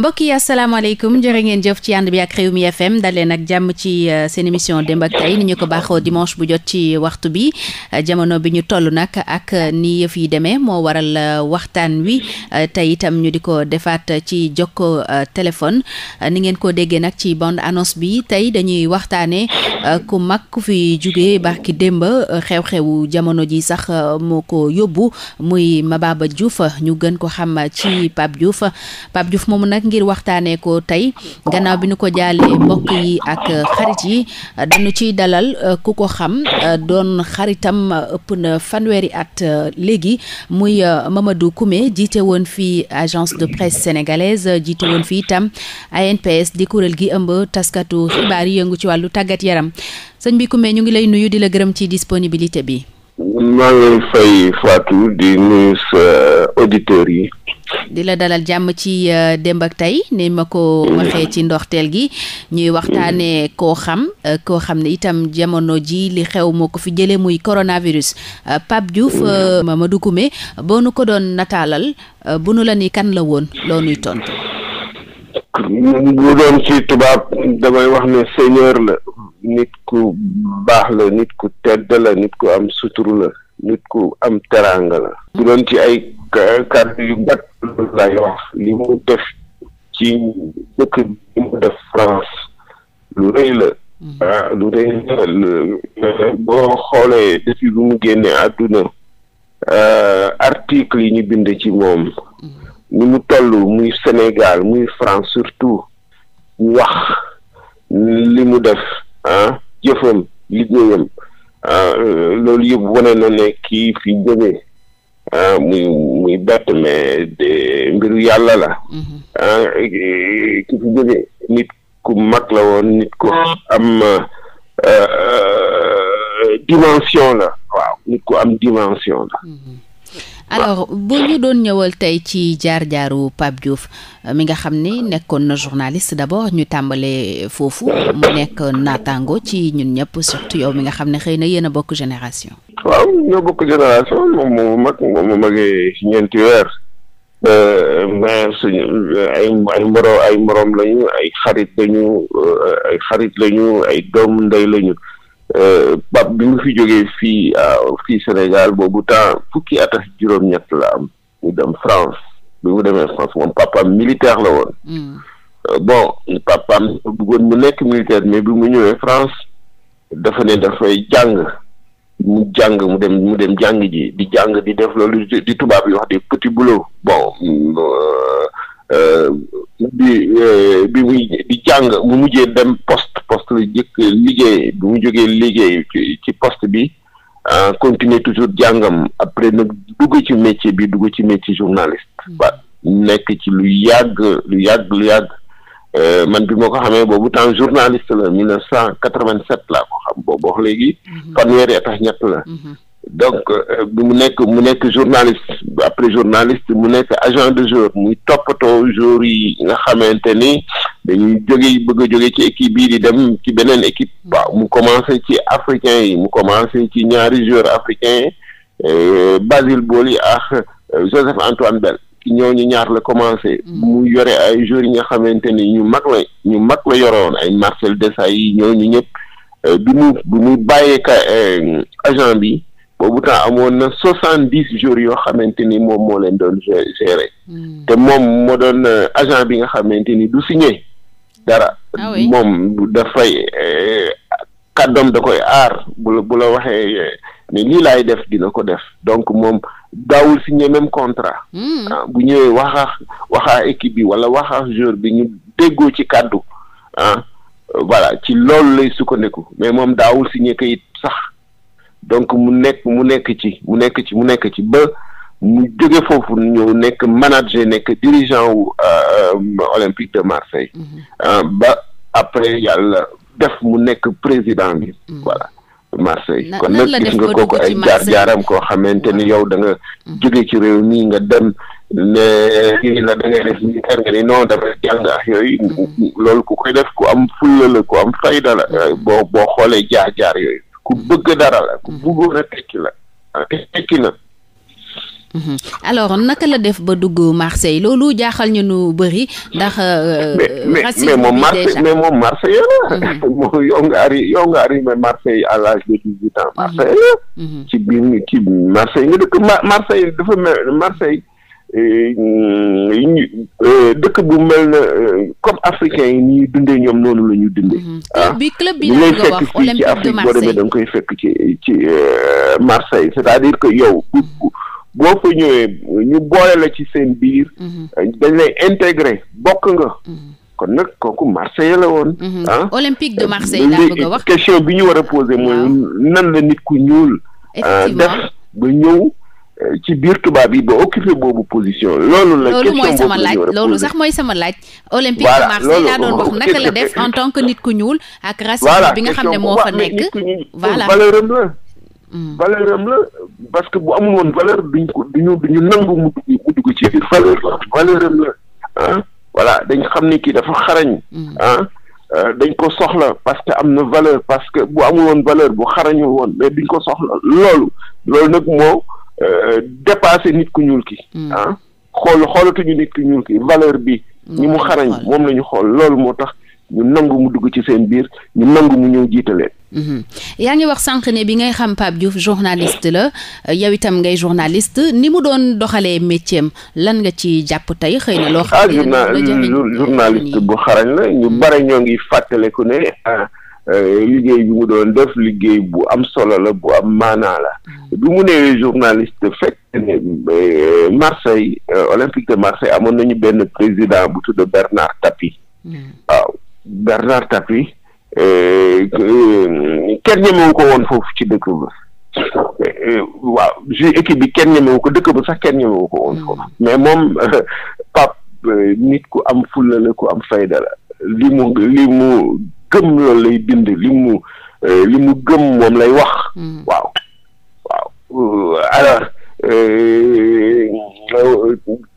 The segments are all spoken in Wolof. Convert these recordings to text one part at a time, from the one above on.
mbokk yi asalaamaaleykum jërë ngeen jëf ci ànd bi ak Rewmi FM dal leen ak jàmm ci euh, seen émission démb ak tay ni ñu ko baaxoo dimanche bu jot ci waxtu bi euh, jamono bi ñu toll nag ak euh, ni yëf yi demee moo waral waxtaan wi tey itam ñu di ko defaat ci ko téléphone ni ngeen ko déggee nag ci bande annonce bi tey dañuy waxtaanee ku mag ku fi jugee barki démb xew-xewu jamono ji sax moo ko yóbbu muy Mababa Diouf ñu gën ko xam ci Pape Diouf Pape Diouf moomu nag ngir waxtaanee ko tey gannaaw bi nu ko jaalee mbokk yi ak xarit yi dañu ciy dalal euh, ku ko xam euh, doon xaritam euh, ëpp na fanweeri at léegi muy Mamadou Koumé jiite woon fii agence de presse sénégalaise jiite woon fii itam ANPS di kuréel gi ëmb taskatu xibaar yi yëngu ci wàllu tàggat yaram sëñ bi Koumé ñu ngi lay nuyu di la gërëm ci disponibilité bi. maa ngi fay Fatou di nuyu sa auditeurs yi. di la dalal jàmm ci euh, démb ak tey ni ma ko waxee ci ndoxteel gi ñuy waxtaanee koo xam euh, koo xam ni itam jamono ji li xew moo ko fi jëlee muy coronavirus euh, Pape Diouf Mamadou Koumé boo nu ko doon nataalal bu nu la ni kan la woon loo nuy tontu. bu doon ci tubaab damay wax ne seigneur la nit ku baax la nit ku tedd la nit ku am suturu la nit ku am teraanga la bu doon ci ay kàddu yu gàtt loolu lay wax li mu def ci dëkk bi mu def mm. ah, lu rëy la lu rëy boo xoolee depuis bu mu génnee àdduna ah, article yi ñu bind ci moom ni mu toll muy Sénégal muy France surtout wax li mu def ah jëfam liggéeyam ah, loolu yëpp wane na ne kii fi jógee ah, muy muy bett mais de mbiru yàlla la mhm. ah, eh, ki fi jógee nit ku mag la woon nit ko am dimension la waaw nit ku am dimension la mhm. alors bu ñu doon ñëwal tey ci jaar-jaaru Pape Diouf euh, mi nga xam ni nekkoon na journaliste d'abord ñu tàmbalee foofu mu nekk naataango ci ñun ñëpp surtout yow mi nga xam ne xëy na yéen a bokk génération. waaw ñoo bokk génération moom moo mag moom moo magee ñeenti weer euh, mais ay ay ay morom lañu ay xarit lañu euh, ay xarit lañu ay doomu ndey lañu. Pape bi nga fi jógee fii ah, fii Sénégal boobu temps fukki at ak juróom-ñett la am mu dem France bi mu demee France moom papaam militaire la woon. Hmm. Euh, bon papaam bëggoon mu nekk militaire mais bi mu ñëwee France dafa ne dafay jàng mu jàng mu dem mu dem jàng ji di jàng di def loolu di tubaab yi wax des petits boulots bon mm, euh, euh, bi bi muy di jàng mu mujjee dem poste poste la jëkk liggéey bu mu jógee liggéey ci poste bi euh, continuer toujours jàngam après nag dugg ci métier bi dugg ci métier journaliste hmm. ba nekk ci lu yàgg lu yàgg lu yàgg euh, man bi moo ko xamee boobu temps journaliste la mille neuf cent quatre-vingt-sept laa ko xam boobu léegi hmm. fanweeri at ñett la hmm. donc euh. euh, bi mu nekk mu nekk journaliste après journaliste mu nekk agent de jour muy toppatoo jour yi nga xamante ni dañuy jóge bëgg a jóge ci équipe bii di dem ci beneen équipe. ba mm. mu commencé ci africain yi mu commencé ci ñaari joueurs africains yi euh, Basile Boli ak Joseph Antoine Bell ci ñooñu ñaar la commencé. Mm. mu yore ay joueurs yi nga xamante ni ñu mag la ñu mag la yore yoroon ay Marcel Desailly ñooñu ñëpp bi mu bi mu bàyyee ka agent bi. boobu temps amoon na soixante dix jours yoo xamante ni moom moo leen doon gérer hmm. te moom moo doon euh, agent bi nga xamante ni du signé dara ah moom dafay euh, kàddoom da koy aar bu bu la waxee euh, ne lii laay def dina ko def donc moom daawul signé même contrat hmm. ah, bu ñëwee waxaax waxaa équipe bi wala waxaax joueur bi ñu déggoo ci kàddu ah ci loolu lay sukkandiku mais moom daawul signé kayit sax donc mu nekk mu nekk ci mu nekk ci mu nekk ci ba mu jóge foofu ñëw nekk manager nekk dirigeant wu euh, euh, Olympique de Marseille mm-hmm. euh, ba après yàlla def mu nekk président bi mm-hmm. voilà Marseille kon nag gis nga kooku ay jaar jaaram koo xamante ni yow da nga mm-hmm. jóge ci réew mi nga dem ne kii la da ngay def nga ni non dafa jàng ak yooyu loolu ku koy def ku am fulla la ku am fayda la boo boo xoolee jaar jaar yooyu ku bëgg dara la ku mhm. bëggoon a tekki la ah, tekki na mhm. alors naka la def ba dugg Marseille loolu jaaxal ñu nu bëri ndax. Euh, mais moom Marseille mais moom Marseille la. Mhm. moom nga ari Marseille à l'âge de dix huit ans. Marseille ci biir ci Marseille nga dëkk Marseille dafa mel Marseille Euh, euh, euh, dëkk bu mel na comme africain yi ñu dundee ñoom noonu lañu ñuy dundee. Mm-hmm. ah bi club bi lay fekk fii ci Afrique boo demee da koy fekk ci ci Marseille c'est-à-dire que yow. boo fa ñëwee ñu boole la ci seen biir. Mm-hmm. dañ lay intégré bokk nga. Mm-hmm. kon nag kooku Marseille la woon. ah question bi ñu war a posé mooy nan la nit ku ñuul. def ba ñëw. ci biir tubaab yi ba occupé boobu position loolu la. question mooy sama laaj loolu sama la def en que nit ku ñuul. ak racisme bi nga xam ne moo fa nekk voilà valeur la. Hmm. valeur que bu amul woon valeur duñ ko duñu duñu nangu mu dugg mu dugg ci biir valeur la valeur am la ah. dañ xam ni kii dafa xarañ. Hmm. ah euh, dañ ko soxla parce que am na valeur parce que bu amul woon valeur bu xarañul woon ko soxla loolu loolu nag Euh, dépassé nit ku ñuul ki hmm. ah. xool xoolatuñu nit ku ñuul ki valeur bi ñi hmm. mu xarañ moom lañu xool loolu moo tax ñu nangu mu dugg ci seen biir ñu nangu mu ñëw jiitaleen hmm. yaa ngi wax sànq ne bi ngay xam Pape Diouf journaliste la euh, yow itam ngay journaliste ni mu doon doxalee métier lan nga ci jàpp tey xëy na loo xam ah, ne journaliste bu xarañ la ñu bare ñoo ngi fàttaleku ne ah, Euh, liggéey bi mu doon def liggéey bu am solo la bu am maanaa la mm. bi mu nee journaliste fekk ne euh, Marseille euh, Olympique de Marseille amoon nañu benn président bu tudd Bernard Tapie mm. waaw Bernard Tapie kenn ñemewu ko woon foofu ci dëkk ba waaw ju équipe bi kenn ñemewu ko dëkk ba sax kenn ñemewu ko woon mm. foofu mais moom Pape nit ku am fulla la ku am fayda la li mu li mu gëm loolu lay bind li mu euh, li mu gëm moom lay wax hmm. waaw waaw euh, alors euh,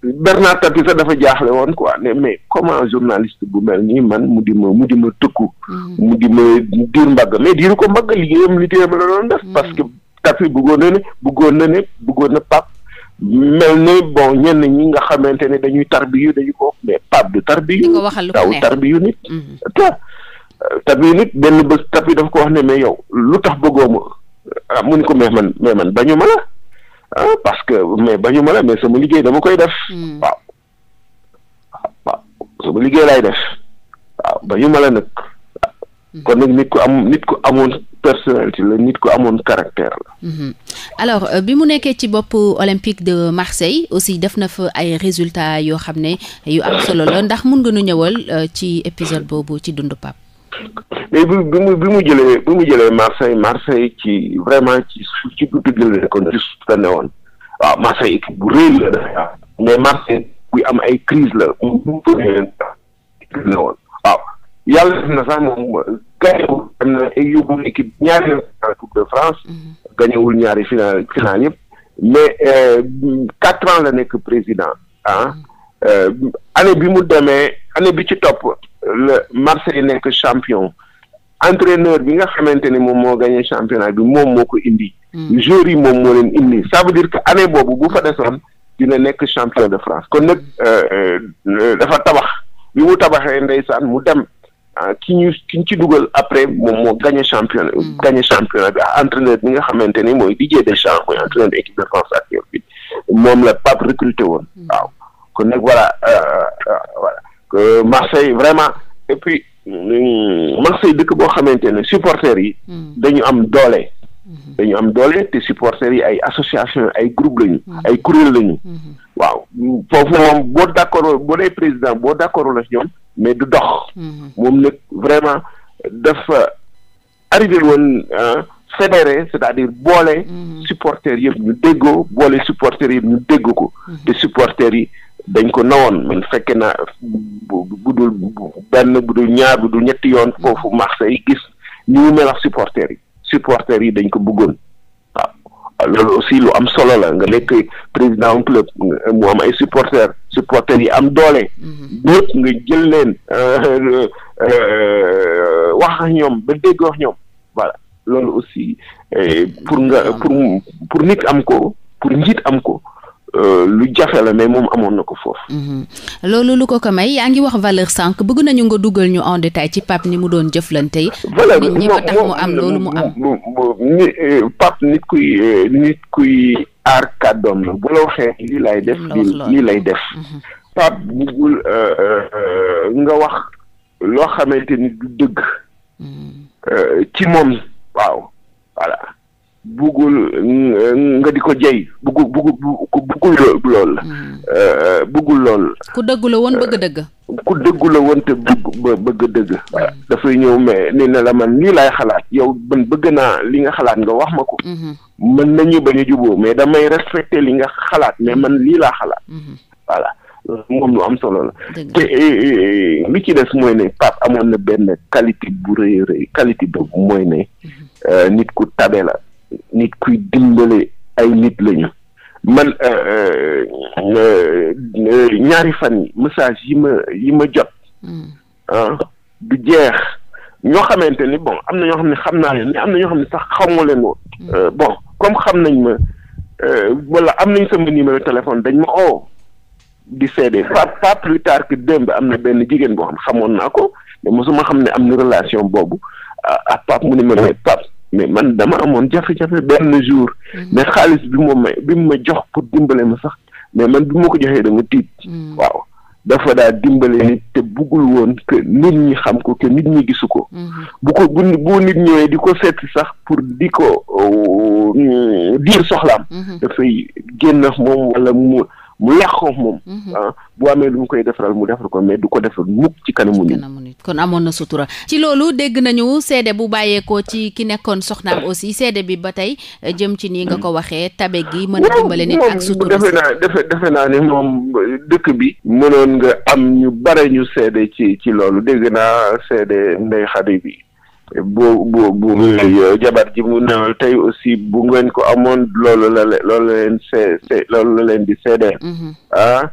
Bernard Tapie dafa jaaxle woon quoi ne mais comment journaliste bu mel nii man mu di ma mu di ma tëkku hmm. mu di ma diir mbagg mais diiru ko mbagg liggéeyam li téyam la doon def hmm. parce que Tapie bëggoon na ne bëggoon na ne bëggoon na pap mel ne bon ñenn ñi nga xamante ne dañuy tarbiyu dañu ko mais pap du tarbiyu daw tarbiyu nit tapi nit benn bés tapi dafa ko wax ne mais yow lu tax bëggoo ma ah, mu ni ko mais man mais man bañu ma la ah, parce que mais bañu ma la mais sama liggéey dama koy def. Hmm. waaw sama liggéey laay def waaw bañu ma la nag. Hmm. kon nag nit ku am nit ku amoon personnalité la nit ko amoon caractère la. Hmm. alors euh, bi mu nekkee ci boppu olympique de Marseille aussi def na fa ay résultat yoo xam ne yu am solo la ndax mun nga nu ñëwal euh, ci épisode boobu ci dundu Pape. mais bi bi mu bi mu jëlee bi mu jëlee Marseille Marseille ci vraiment ci suuf ci bu dëgg la kon ci suuf la ne woon waaw Marseille équipe bu rëy la dafa mais Marseille buy am ay crise la mu mu bëri la woon waaw yàlla def na sax moom gañewul am na yóbbuwul équipe ñaari final Coupe de France mhm. gañewul ñaari final final yëpp mais euh, quatre ans la nekk président ah mhm. euh, année bi mu demee année bi ci topp le Marseille nekk champion entraîneur bi nga xamante ne moom moo gagné championnat bi moom moo ko indi. Hmm. joueurs yi moom moo leen indi ça veut dire que année boobu bu fa desoon dina nekk champion de France kon nag euh, euh, dafa tabax bi mu tabaxee ndeysaan mu dem ah, ki ñu ki ñu ci dugal après moom moo gagné champion hmm. gagné championnat bi entraîneur bi nga xamante ni mooy Didier Deschamps mooy entraîneur de équipe de France actuelle bi moom la Pape recruté woon hmm. waaw kon nag voilà euh, que Marseille vraiment et puis mm, Marseille dëkk boo xamante ne supporters yi. Hmm. dañu am doole. Hmm. dañu am doole te supporters yi ay association ay groupe lañu. Hmm. ay kuréel lañu. waaw foofu moom boo d' boo dee président boo d' accord la ñoom mais du dox. moom nag vraiment dafa arrivé woon euh, fédéré c'est-à-dire boole. supporters yëpp ñu déggoo boole supporters yëpp ñu dégg ko. te supporters yi. dañ ko nawoon man fekke naa budul benn bu budul ñaar budul ñetti yoon foofu Marseille gis ni mu melax supporters yi supporters yi dañ ko bëggoon waaw loolu aussi lu am solo la nga nekk président club mu am ay supporters supporters yi am doole mhm. ñëpp nga jël leen euh, euh, wax ak ñoom ba dégg wax ñoom voilà loolu aussi eh, pour nga pour pour nit am ko pour njiit am ko Euh, lu jafe la mais moom amoon na ko foofu. Mhm. loolu lu ko ko may yaa ngi wax valeur sànq bëgg nañu nga dugal ñu en détail ci Pape ni mu doon jëflante yi. valeur ñi ko tax mu am loolu mu am. ni euh, Pape nit kuy euh, nit kuy aar kàddoom la bu la waxee lii lay def. lii lay def. Mhm. Pape bëggul nga wax loo xamante ni du dëgg. Mhm. ci moom waaw voilà. buggul mm, eh, nga di ko jëy buggu buggu buggul lool mm. eh, eh, buggul lool ku dëggula woon bëgg dëgg ku dëggu woon te bëgg bëgg dëgg mm. dafay ñëw mais ni na la man lii laay xalaat yow man bëgg naa li nga xalaat nga wax ma ko mm-hmm. mën nañu bañ a juboo mais damay respecté li nga xalaat mais man lii laa xalaat mm-hmm. voilà moom lu am solo la te li ci des mooy ne Pape amoon na benn qualité bu rëy rëy qualité boobu mooy ne mm-hmm. nit ku tabe la nit kuy dimbale ay nit lañu man euh, euh, euh, ñaari fan yi yi ma yi ma jot hmm. ah, du jeex ñoo xamante ni bon am na ñoo xam ne xam naa leen mais am na ñoo xam ne sax xaw leen woon hmm. bon comme xam nañ ma wala am nañ sama numéro téléphone dañ ma oo di seede pas pas plus tard que démb am na benn jigéen boo xam xamoon naa ko mais mosuma xam ne am na relation boobu ah, ah mu ne ma mais Pape mais man dama amoon jafe-jafe benn jour mhm. mais xaalis bi mu ma bi mu ma jox pour dimbale ma sax mais man bi ma ko joxee dama tiit mhm. waaw dafa daa dimbale nit te buggul woon que nit ñi xam ko que nit ñi gisu ko mhm. bu ko bu nit ñëwee di ko seet sax pour di ko euh, diir soxlaam dafay génn moom wala mu mu yàqoo moom. Mhm. ah bu amee lu mu koy defaral mu defar ko mais du ko defar mukk ci kanamu nit. kon amoon na sutura ci loolu dégg nañu seede bu bàyyeekoo ci ki nekkoon soxnaam aussi seede bi ba tey eh, jëm ci nii nga ko waxee tabe gi mën a dimbale nit ak sutura. defe naa defe naa ne moom dëkk bi. mënoon nga am ñu bare ñu seede ci ci loolu dégg naa seede ndey xadi bi. bu bu bu jabar ji mu newal tey aussi bu ngeen ko amoon loolu la loolu la leen see loolu la leen di seedeel mhm. ah,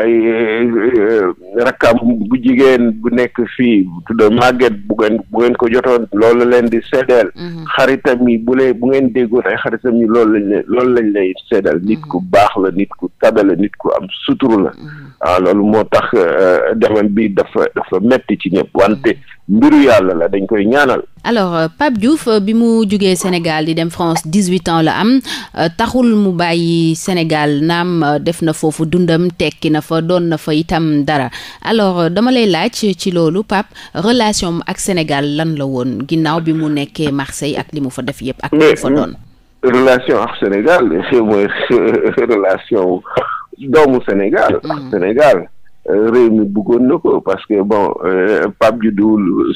ay eh, rakkam bu jigéen bu nekk fii tudda màgget bu ngeen bu ngeen ko jotoon loolu leen di seedeel mhm. xaritam yi bu lee bu ngeen déggoon ay xaritam yi loolu lañ la loolu lañ lay seedeel nit ku mhm. baax la nit ku tabe la nit ku am suturu la ah loolu moo tax eh, demam bi dafa dafa metti ci ñëpp wante mbiru yàlla la dañ koy ñaanal. alors euh, Pape Diouf euh, bi mu jógee Sénégal di dem France dix-huit ans la am euh, taxul mu bàyyi Sénégal naam def na foofu dundam tekki na fa doon na fa itam dara alors dama lay laaj ci loolu Pape relation ak Sénégal lan la woon ginnaaw bi mu nekkee Marseille ak li mu fa def yépp ak li fa doon. relation ak Sénégal doomu Sénégal. ak mm. Sénégal. réew mi bëggoon na ko parce que bon euh, Pape judduwul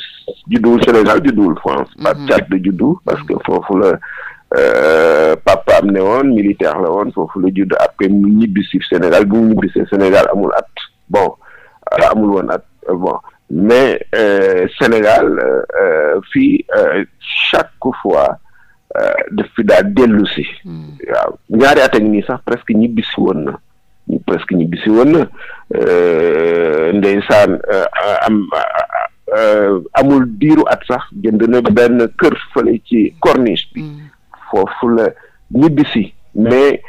judduwul Sénégal judduwul France mhm. Pape Tchad la juddu parce que foofu la euh, pa am ne woon militaire la woon foofu la judd après mu ñibbisi Sénégal bu mu ñibbisee Sénégal amul at bon euh, amul woon at bon mais Sénégal fii chaque fois daf fi daa dellu si hmm. waaw ñaari at ak nii sax presque ñibbisi woon na presque ñu bisi woon na euh, ndeysaan euh, am euh, amul diiru at sax jënd na benn kër fële ci corniche bi mm. foofu la ñibbisi mais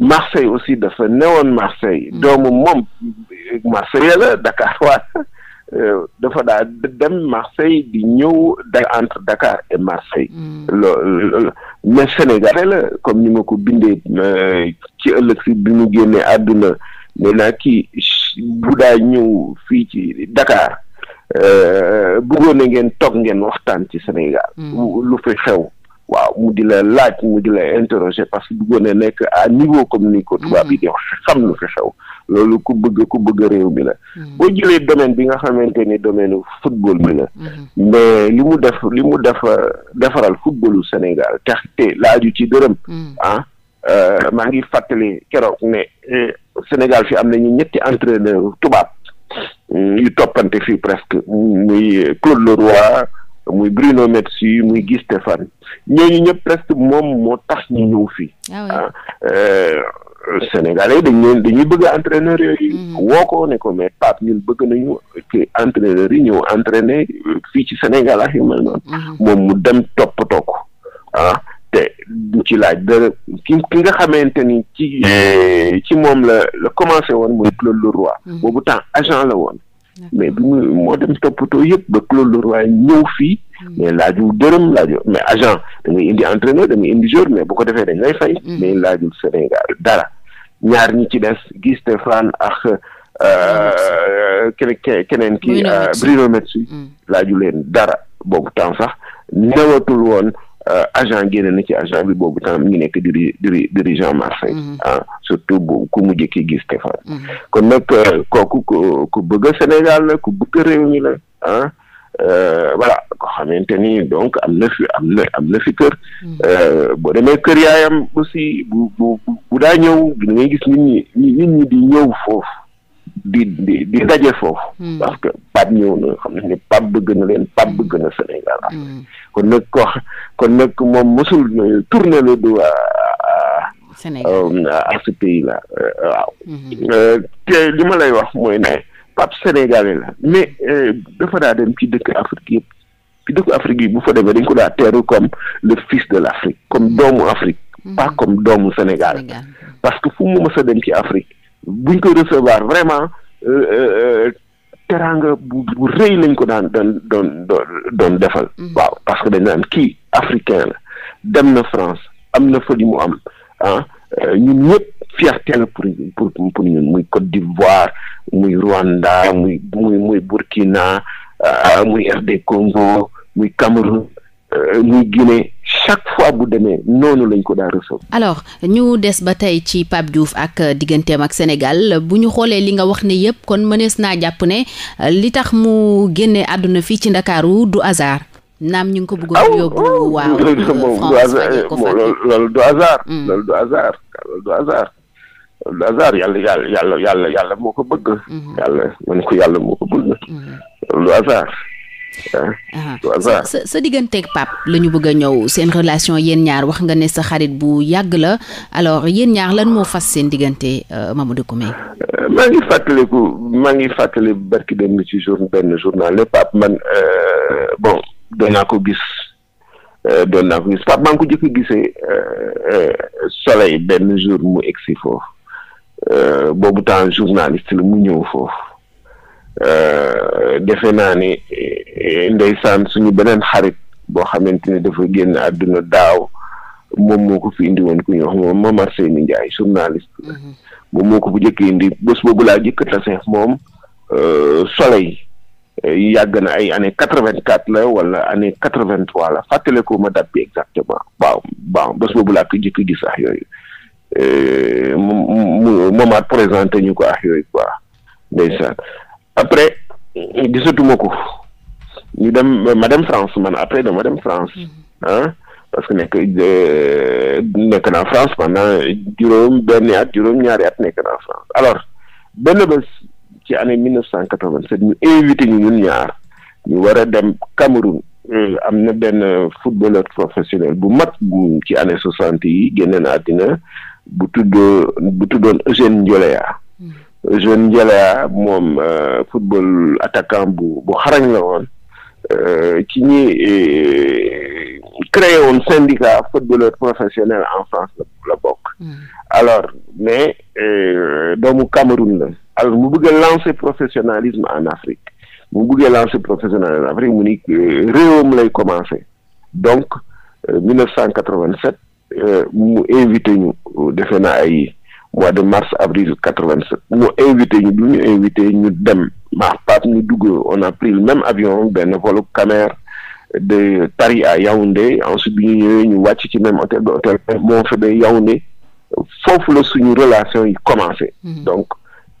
Marseille aussi dafa newoon Marseille mm. doomu moom Marseille la Dakar waa Euh, dafa daal dem Marseille di ñëw da entre Dakar et Marseille hmm. loolu mais sénégalais la comme ni ma ko bindee euh, ci ëllëg si bi mu génnee àdduna ne naa kii bu daa ñëw fii ci Dakar euh, bëggoon na ngeen toog ngeen waxtaan ci Sénégal hmm. lu fi xew waaw mu di la laaj mu di la interroger parce que bëggoon a nekk à niveau comme ni ko tubaab yi di mm. wax xam na fi xew loolu ku bëgg ku bëgg réew mi la mm. boo jëlee domaine bi nga xamante ni domaine football bi la mm-hmm. mais li mu def li mu def euh, defaral footballu Sénégal tax te laaju ci dërëm mm. ah euh, maa ngi fàttali keroog ne euh, Sénégal fi am nañu ñetti entraîneur tubaab yu toppante fi presque muy Claude Leroy muy Bruno Metsu muy Guy Stéphane ñooñu ñëpp presque moom moo tax ñu ñëw fii ah, ah euh, Sénégalais dañ leen dañuy bëgg entraîneur yooyu mm-hmm. woo ko ne ko mais Pape bëgg nañu ci entraîneurs yi ñëw entraîner euh, fii ci Sénégal ak yu mel noonu mm-hmm. moom mu dem toppatoo ko ah, te du ci laaj dara ki ki nga xamante ni ci ci moom la la commencé woon muy Claude Leroy mm-hmm. boobu temps agent la woon mais bi moo dem toppatoo yëpp ba Claude Leroy ñëw fii hmm. mais laajul dërëm laajul mais agent da ngay indi entraîneur da ngay indi joueur mais bu ko defee dañ lay fay hmm. mais laajul Sénégal dara ñaar ñi ci des Guy Stéphane ak euh, keneen keneen ki Bruno euh, Metsu hmm. laaju leen dara boobu temps sax newatul woon Euh, agent génn na ci agent bi boobu tam mi ngi nekk diri diri dirigeant Marseille mm-hmm. ah surtout bu ku mujj ki gis Stéphane mm-hmm. kon nag euh, kooku ku bëgg Sénégal la ku bëgg réew mi la ah euh, voilà ko xamante ni donc am na fi am na am na fi kër mm-hmm. boo demee kër yaayam aussi bu bu bu daa ñëw da ngay gis nit ñi nit ñi di ñëw foofu di di di daje foofu. Hmm. parce que Pape ñëw na xam nañ ne Pape bëgg na leen Pape bëgg na Sénégal. Hmm. Hmm. kon nag ko kon nag moom mosul tourner le dos Sénégal euh, à ce pays là euh, waaw. Euh, te li ma lay wax mooy ne Pape sénégalais la mais dafa daa dem ci dëkk Afrique yëpp ci dëkk Afrique yi bu fa demee dañ ko daa teeru comme le fils de l'Afrique comme doomu Afrique. pas comme doomu Sénégal. parce que fu mu mës dem ci Afrique. buñ koy recevoir vraiment euh, euh, euh, teraanga bu bu rëy lañ ko daan doon doon doon defal. Mhm. waaw parce que dañ naan kii africain la dem na France am na fa li mu am ah ñun ñëpp fierté la pour pour pour ñun muy Côte d'Ivoire muy Rwanda muy muy muy Burkina muy RD Congo muy Cameroun. muy euh, Guinée chaque fois bu demee noonu lañ ko daa recevoir. alors ñu des ba tey ci Pape juuf ak euh, digganteem ak Sénégal bu ñu xoolee li nga wax ne yépp kon mënees naa jàpp ne euh, li tax mu génne àdduna fii ci Ndakaaru du hasard. naam ñu ngi ko bëgg oh, yóbbu. Oh, waaw loolu du hasard loolu du hasard yàlla yàlla yàlla yàlla ko bëgg. yàlla moo ko bëgg mm-hmm. mm-hmm. loolu du hasard. sa sa digganteeg Pape la ñu bëgg a ñëw seen relation yéen ñaar wax nga ne sa xarit bu yàgg la alors yéen ñaar lan moo fas seen diggante euh, Mamadou Coumé. Euh, maa ngi fàttaliku maa ngi fàttali barki dem ci jour benn journal ne Pape man euh, bon doon naa ko gis doon naa ko gis Pape maa ngi ko jëkk a gisee soleil benn jour mu si foofu boobu temps journaliste la mu ñëw foofu. Euh, defe naa ni eh, eh, ndeysaan suñu beneen xarit boo xamante ni dafa génn àdduna daaw moom moo ko fi indi woon ku ñu wax moom Momar Seyni Ndiaye journaliste mhm. moom moo ko bu njëkk indi bës boobu laa jëkk tase moom euh, soleil eh, yàgg na ay année quatre vingt quatre la wala année quatre vingt trois la fàttale ko ma date bi exactement waaw bon bés boobu laa ko jëkk gis ah yooyu mu mu Momar ñu ko ah yooyu quoi ndeysaan après gisatuma ko ñu dem ma dem France man après dama dem France mhm. parce que nekk euh, nekk naa France pendant juróom benni at juróom ñaari at nekk naa France alors benn bés ci année mille neuf cent quatre-vingt-sept ñu invité ñu ñun ñaar ñu war dem Cameroun euh, am na benn footballeur professionnel bu mag bu ci année soixante yi génne na bu tudd bu tuddoon Eugène Ndioléa jeune Ndiala moom euh, football attaquant bu bu xarañ la woon ci euh, ñi euh, créé woon syndicat footballeur professionnel en France la la hmm. alors mais doomu Cameroun la. alors mu bëgg a lancer professionnalisme en Afrique mu bëgg a lancer en Afrique mu ni réewam lay commencer donc 1987 mu invité ñu defe na ay. mois de mars avril quatre vingt sept mu invité ñu bi ñu invité ñu dem maax paap ñu dugg on a pris le même avion benn volu Camer de tari à Yaoundé ensuite bi ñu ñëwee ñu wàcc ci même hôtel de hôtel moo fa de Yaoundé foofu la suñu relation yi commencé mhm. donc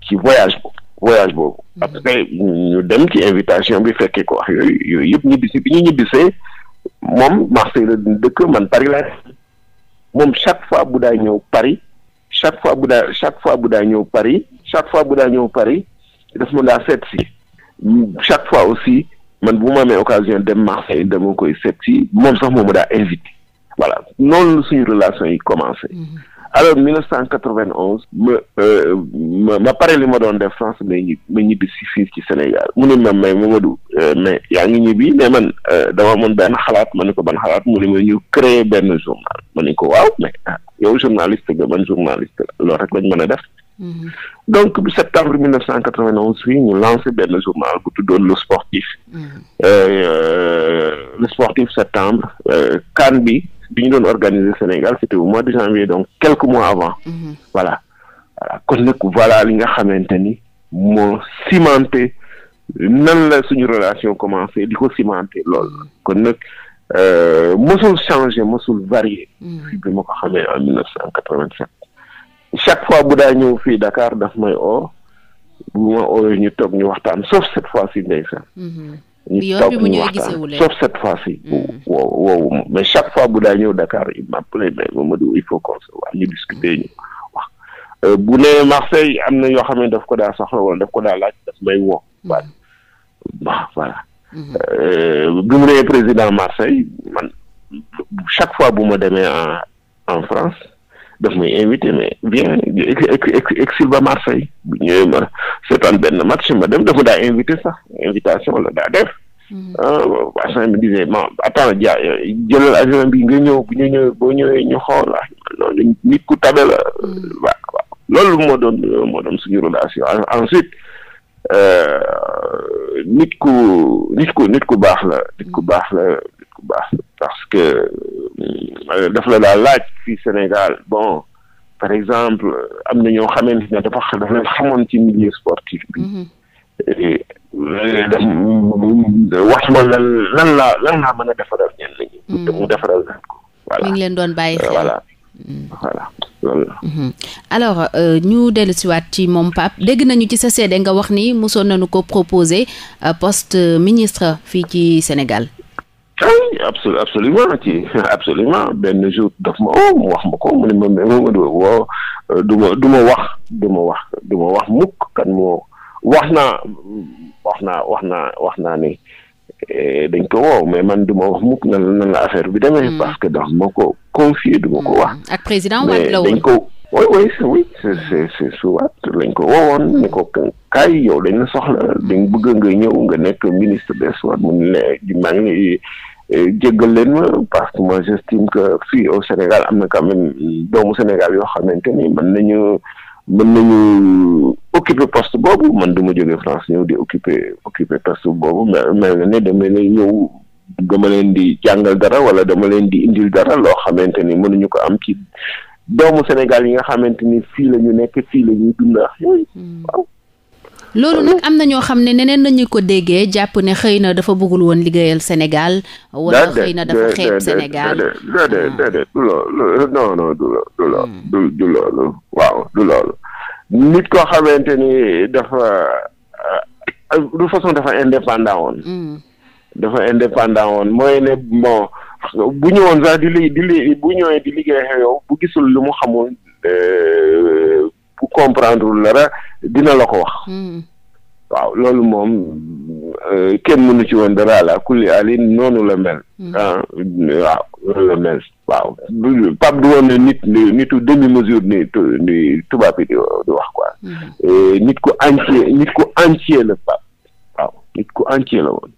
ci voyage boobu voyage boobu mhm. après dem ci invitation bi fekkee ko wax yooyu yooyu yëpp ñibbisi bi ñu ñibbisee moom Marseille la dëkk man Paris la moom chaque fois bu daay ñëw Paris chaque fois bu daa chaque fois bu daa ñëw Paris chaque fois bu daa ñëw Paris daf ma daa seet si chaque fois aussi man bu ma amee occasion dem Marseille dama koy seet si moom sax moom ma daa invité voilà noonu la suñu relation yi commencé. Mhm. alors 1991 ma euh, ma ma pare li ma doon def France may ma ñibbi si fii ci Sénégal mu ne ma may Mamadou euh, mais yaa ngi ñibbi mais man euh, dama amoon benn xalaat ma ne ko ban xalaat mu ne ma ñu créer benn journal ma ne ko waaw mais ah, yow journaliste nga man journaliste la loolu rek lañ mën a def. Mhm. donc septembre 1991 fii ñu lancé benn journal bu tuddoon le sportif. Mhm. le sportif septembre kan bi. bi ñu doon organiser Sénégal c'était au mois de janvier donc quelques mois avant. Mm -hmm. voilà kon nag voilà li nga xamante ni moo cimenté nan la suñu relation commencé di ko cimenté lool kon nag euh, mosul changé mosul varié. fii mhm. bi ma ko xamee en 1987. chaque fois bu daa ñëw fii Dakar daf may oo bu ma oo ñu toog ñu waxtaan sauf cette fois-ci ndeysaan. Mhm. bi yoon bi mu ñëw gisewul sauf cette fois ci mm. woo woowu ma mais chaque fois bu daa ñëw Dakar il m'appelait mais Mamadou il faut qu'on se voit ñu discuter mm. ñu wax euh, bu nee Marseille am na yoo xam ne daf ko daa soxla wala daf ko daa laaj daf may woo mm. waa waaw voilà mm-hmm. euh, bi mu nee président Marseille man chaque fois bu ma demee en en France daf may invité mais bien exil ba Marseille bu ñëwee ma seetaan benn match ma dem dafa daa invité sax invitation la daa def mhm. ah waaw mi disait ma attends ja jëlal avion bi nga ñëw bu ñu ñëwee boo ñëwee ñu xool ah loolu nit ku tabe la waaw mhm. waaw loolu moo doon moo a suñu relation ensuite euh, nit ku nit ku nit ku baax la nit ku baax la bu parce que euh, daf la daa laaj fii Sénégal bon par exemple am na ñoo xamante ne dafa dafa leen xamoon ci milieu sportif bi mhm. euh, euh, wax lan laa lan laa mën a defaral ñenn ñi te mhm. mu defaral leen ko voilà mi ngi leen doon bàyyi xel voilà mhm. voilà alors ñu dellu siwaat ci moom Pape dégg nañu ci sa seede nga wax ni mosoon nañu ko proposer poste ministre fii ci Sénégal oui absolu absolument ci absolument benn jour daf ma oo mu wax ma ko mu ne ma ma du woo du ma du ma wax du ma wax du ma wax mukk kan moo wax naa wax naa wax naa wax naa ni eh, dañ ko woow mais man du ma wax mukk na la affaire bi demee hmm. parce que daf ma ko confier du ma ko wax hmm. ak dañ ko oui oui hmm. lañ ko woowoon ni ko yow dañ soxla dañ bëgg nga ñëw nga nekk ministre des sports mu ne maa ngi Eh, jéggal leen ma parce que moi j'estime fii au Sénégal am na quand même doomu Sénégal yoo xamante ni mën nañu mën nañu occuper poste boobu man du ma jógee France ñëw di occuper occuper poste boobu mais mel na ne dama leen ñëw dama leen di jàngal dara wala dama leen di indil dara loo xamante ni nañu ko am ci doomu Sénégal yi nga xamante ni fii la ñu nekk fii la ñuy yooyu hmm. waaw loolu nag am na ñoo xam ne neneen nañu ko déggee jàpp ne xëy na dafa bëggul woon liggéeyal senegal wala xëy na dafa xeeb Sénégal koo xamante ni dafa euh, de façon dafa indépendant woon. Hmm. dafa indépendant woon mooy ne bon bu ñëwoon sax di li di li bu ñëwee di liggéey yow bu gisul lu mu xamul. Euh, bu comprendre dara dina la ko wax. Hmm. waaw loolu moom euh, kenn mënu ci woon dara la kulli ali noonu la mel. Hmm. Ah, waaw noonu la mel. waaw Pape du woon nit nitu demi mesure ni ni tubaab yi di wax quoi. Hmm. Euh, nit ku entier nit ku entier la Pape waaw nit ku entier la woon.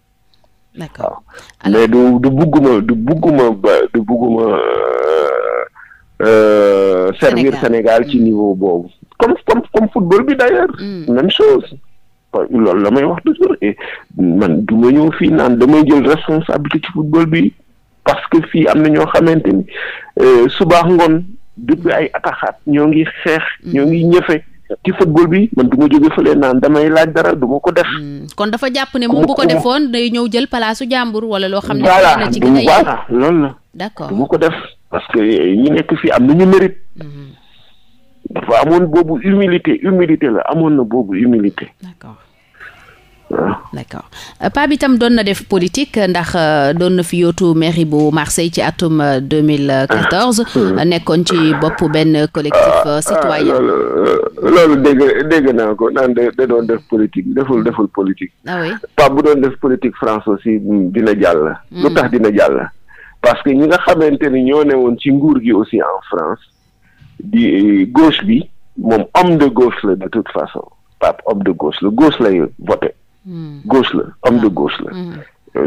d'accord mais du du bugguma du bugguma du bugguma euh, servir Sénégal ci niveau boobu. comme comme comme football bi d'ailleurs. Mm. même chose. loolu la may wax toujours et man duma ñëw fii naan damay jël responsabilité ci football bi parce que fii am na ñoo xamante ni euh, subaax ngoon depuis ay ataxaat ñoo ngi xeex. Mm. ñoo ngi ñëfe ci football bi man du ma jóge fële naan damay laaj dara du ko def. Mm. kon dafa jàpp ne moom bu ko defoon day ñëw jël palaasu jàmbur wala loo xam ne. voilà du voilà loolu la. d'accord ko def parce que ñu nekk fii am na ñu mérite. Mm-hmm. dafa amoon boobu humilité humilité la amoon na boobu humilité. d'accord waaw. d'accord euh, paa doon na def politique euh, ndax euh, doon na fi yootu mairie bu Marseille ci atum 2014. Ah, hmm. nekkoon ci boppu benn collectif ah, citoyen. loolu dégg dégg naa ko naan da doon def politique deful deful politique. ah bu doon def politique France aussi hmm, dina jàll. lu hmm. tax dina jàll. parce que ñi nga xamante ni ñoo woon ci nguur gi aussi en France. di eh, gauche bi moom homme de gauche la de toute façon Pape homme de gauche la gauche lay voté. Hmm. gauche la homme de gauche la. Hmm.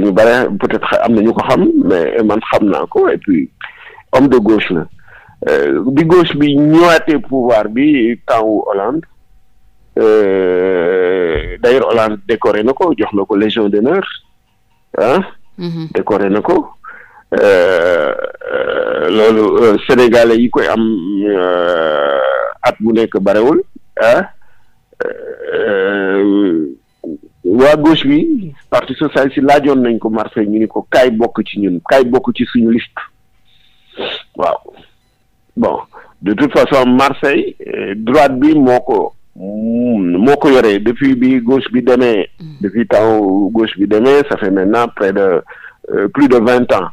ñu bare peut-être am na ñu ko xam mais man xam naa ko et puis homme de gauche la euh, bi gauche bi ñëwaatee pouvoir bi temps wu Hollande euh, d'ailleurs Hollande décoré na ko jox na ko Légion d'honneur ah. décoré na ko. Euh, euh, loolu euh, sénégalais yi koy am at bu nekk barewul ah waa gauche bi parti laaj laajoon nañ ko Marseille ñu ni ko kaay bokk ci ñun kaay bokk ci suñu liste waaw bon de toute façon Marseille droite bi moo ko moo ko yoree depuis bi gauche bi demee mm. depuis temps gauche bi demee ça fait maintenant près de plus de vingt ans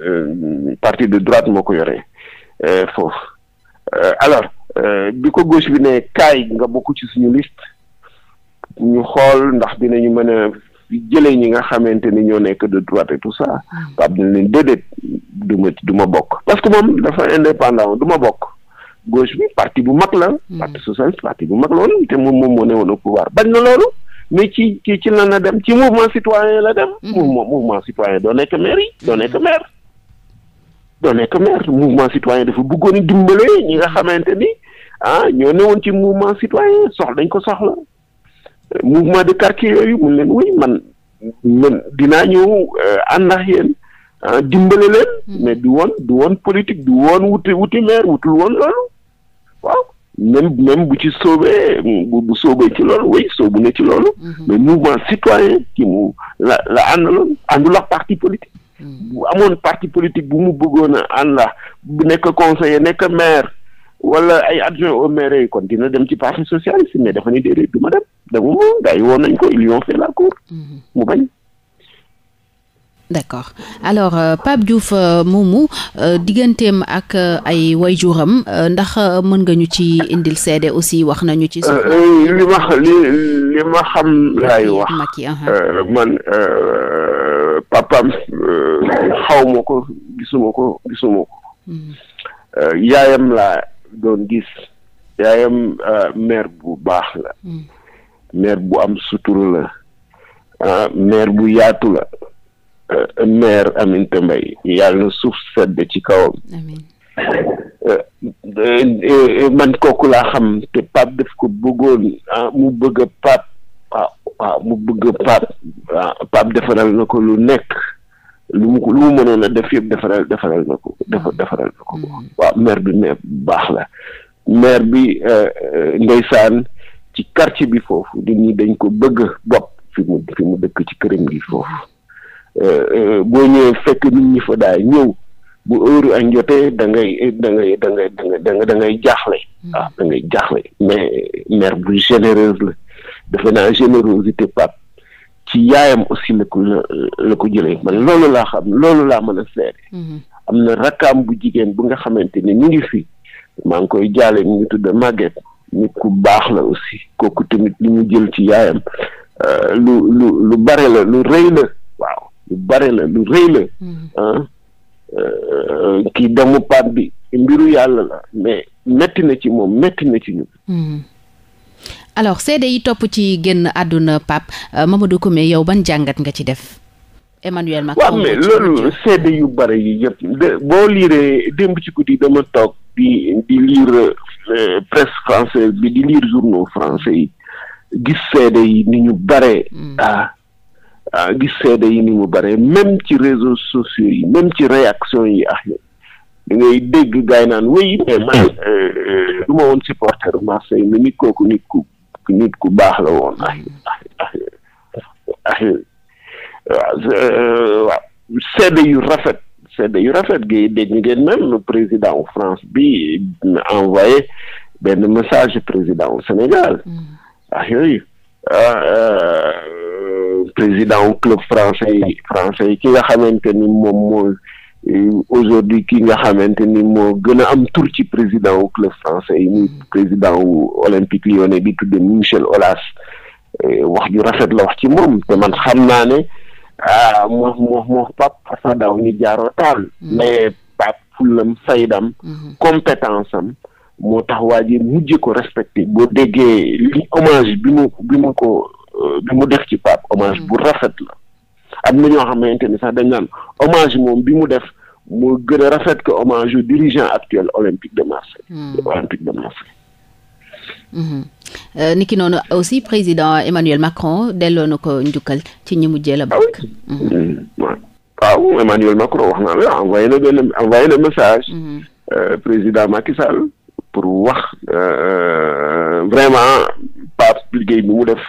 Euh, parti de droite moo ko yore euh, foofu euh, alors bi ko gauche bi ne kaay nga bokk ci suñu liste ñu xool ndax dinañu mën a jëlee ñi nga xamante ni ñoo nekk de droite et tout ça mm. Pape dina leen déedéet du ma du ma bokk parce que moom dafa indépendant du ma bokk gauche bi parti bu mag la mm. parti socialiste parti bu mag la te moom moom moo ne woon au pouvoir bañ na loolu mais ci ci ci lan na dem ci mouvement citoyen la dem. Mm-hmm. mouvement mouvement citoyen doo nekk maire yi doo nekk mm-hmm. maire. doo nekk maire mouvement citoyen dafa bëggoon dimbale ñi nga xamante ni ah ñoo newoon ci mouvement citoyen soxla dañ ko soxla mouvement de quartier yooyu mun leen wuy man man dinaa ñëw euh, ànd ak ah, dimbale leen mm-hmm. mais du woon du woon politique du woon wuti wuti maire wutul woon loolu waaw même même bu ci soobee bu bu soobee ci loolu oui soobu na ci loolu. Mhm. mais mouvement citoyen ki mu la la àndaloon àndul parti politique. Mhm. amoon parti politique bu mu bëggoon a ànd la bu nekk conseiller nekk maire wala ay adjoint au maire yi kon dina dem ci parti socialiste mais dafa ni déedéet du ma dem dama moom gars yi woon nañ ko ils lui ont la cour mhm. mu bañ. d'accord alors euh, Pape Diouf euh, moomu euh, digganteem ak euh, ay wayjuram euh, ndax mën nga ñu ci indil seede aussi wax nañu ci. li li ma xam laay wax. Uh-huh. man papam xaw ma ko gisuma ko gisuma ko. Mm-hmm. yaayam laa doon gis. yaayam mère bu baax la. mère mm-hmm. bu am sutura la. Ah, mère bu yaatu la. Euh, maire Aminata Mbaye yàlla suuf sedd ci kawam euh, euh, man kooku laa xam te Pape daf ko bëggoon ah, mu bëgg a Pape ah, ah, a Pape defaral na ko lu nekk lu mu ko lu mu mënoon a def yëpp defaral defaral na ko defa mm. defaral na ko mm. waaw maire bi maire bu baax la maire bi ndeysaan ci quartier bi foofu nit ñi dañ ko bëgg bopp fi mu fi mu dëkk ci këram gi foofu Euh, euh, boo ñëwee fekk nit ñi fa daa ñëw bu heure añ jotee dangay ngay da dangay da ngay da ngay da ngay jaaxle hmm. ah da jaaxle mais mère bu généreuse la defe naa générosité pap ci yaayam aussi la ko la ko jëlee man loolu laa xam loolu laa mën a seere hmm. am na rakkaam bu jigéen bu nga xamante ni ñu ngi fi maa ngi koy jaale ñu ngi tudda màgget nit ku baax la aussi kooku tamit li ñu jël ci yaayam euh, lu lu lu bare la lu rëy la waaw lu bare la lu rëy la mm-hmm. ah euh, kii demu bi mbiru yàlla la mais metti na ci moom metti na ci ñu mm-hmm. alors seede yi topp ci génn àdduna Pape euh, Mamadou Koumé yow ban jàngat nga ci def Emmanuel Macron waaw mais loolu seede yu bare yi yëpp boo liiree démb ci guddi dama toog di di lire euh, française bi di lire journaux français yi gis seede yi ni ñu bare mm. ah. ah gis seede yi ni mu bare même ci réseaux sociaux yi même ci réaction yi ah yow da ngay dégg gaay naan wéy mais man euh, euh, du ma woon supporter Marseille mais nit kooku nit ku nit ku baax la woon ah ah, ah, ah euh, waaw seede yu rafet seede yu rafet gi dégg ngeen même président wu France bi envoyé benn message président au Sénégal mm. ah yooyu Ah, euh, président wu club français français ki nga xamante ni moom moo euh, aujourd'hui ki nga xamante ni moo gën a am tour ci président wu club français yi muy mm. président wu olympique lyonnais bi tudde Michel Aulas euh, wax ju rafet la wax ci moom te man xam naa ne ah moo moo moo pap sax daaw ñu jaaroo tal mm. mais pap fulam faydam mm-hmm. compétence am moo tax waa ji mujj ko respecté boo déggee li bi mu bi mu ko euh, bi mu def ci Pape hommage mm. bu rafet la am na ñoo xamante ne sax dañ naan hommage moom bi mu def moo gën a rafet que hommage au dirigeant actuel olympique de Marseille mm. olympique de Marseille mm-hmm. euh, ni ki noonu aussi président Emmanuel Macron delloo na ko njukkal ci ñi mujjee la bokk. Ah mm-hmm. mm. waaw Emmanuel Macron wax naa la envoyé na benn envoyé na message. Mm-hmm. Euh, président Macky pour wax euh, euh, vraiment Pape liggéey bi mu def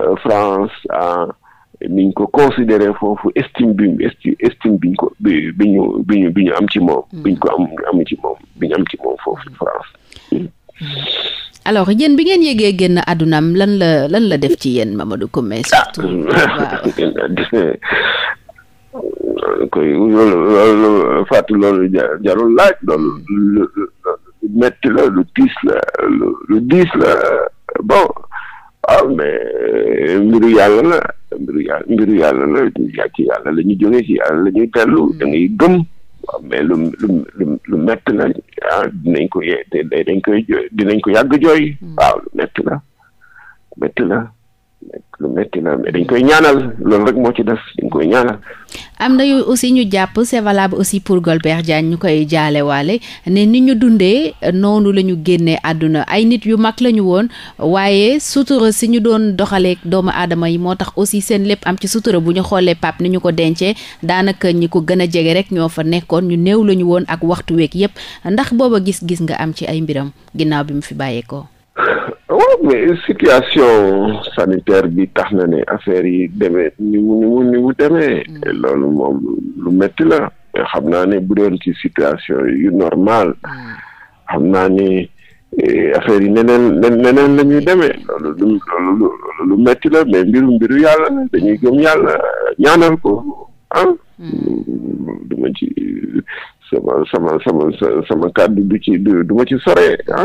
euh, France niñ ko considéré foofu estime biñ estime biñ ko bi ñu bi ñu am ci moom. Mm. biñ ko am am ci moom bi am ci moom foofu mm. France. Mm. alors yéen bi ngeen yégee génn àddunaam lan la lan la def ci yéen Mamadou Koumé ah, surtout koy loolu loolu jarul laaj loolu lu metti la lu tiis la lu diis la bon waaw ah, mais euh, mbiru yàlla la mbiru yàlla la ci yàlla la ñu jógee ci yàlla la ñuy dellu mm. da ngay gëm waaw mais metti la ah dinañ ko ye koy dinañ ko yàgg jooy mm. waaw lu metti la metti la lu métti la mais dañ koy ñaanal loolu rek moo ci def dañ koy ñaanal. am na yu aussi ñu jàpp c'est aussi pour Golbert Diagne ñu koy jaalewaale ne ni ñu dundee noonu lañu génne àdduna ay nit yu mag lañu woon waaye sutura si ñu doon doxalee doomu aadama yi moo tax aussi seen lépp am ci sutura bu ñu xoolee Pape ni ñu ko dencee daanaka ñi ko gën a jege rek ñoo fa nekkoon ñu néew lañu woon ak waxtu week yépp ndax booba gis-gis nga am ci ay mbiram ginnaaw bi mu fi bàyyeekoo. waaw mais situation sanitaire bi tax na ne affaire yi deme ni mu ni mu ni mu demee. Mm. loolu moom lu metti la. xam naa ni bu doon ci situation yu normal mm. xam naa ni eh, affaire yi neneen neneen la ñuy loolu lu lu metti la mais mbiru mbiru yàlla dañuy gëm yàlla ñaanal ko ah. Mm. du ci sama sama sama sama kàddu du ci duma ci soree ah.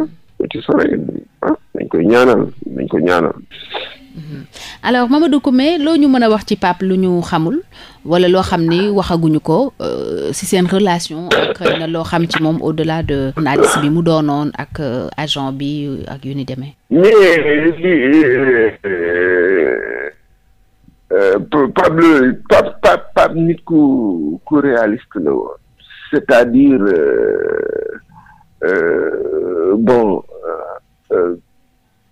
ci sore ah nañ koy ñaanal nañ ko ñaanal. Mhm. alors Mamadou Koumé loo ñu mën a wax ci Pape lu ñu xamul wala loo xam ni waxaguñu ko euh, si seen relation ak xëy euh, na loo xam ci moom au delà de journaliste bi mu doonoon ak euh, agent bi ak yu ni demee. mais lii Pape le nit ku ku réaliste la woon c'est-à-dire. Euh, bon euh,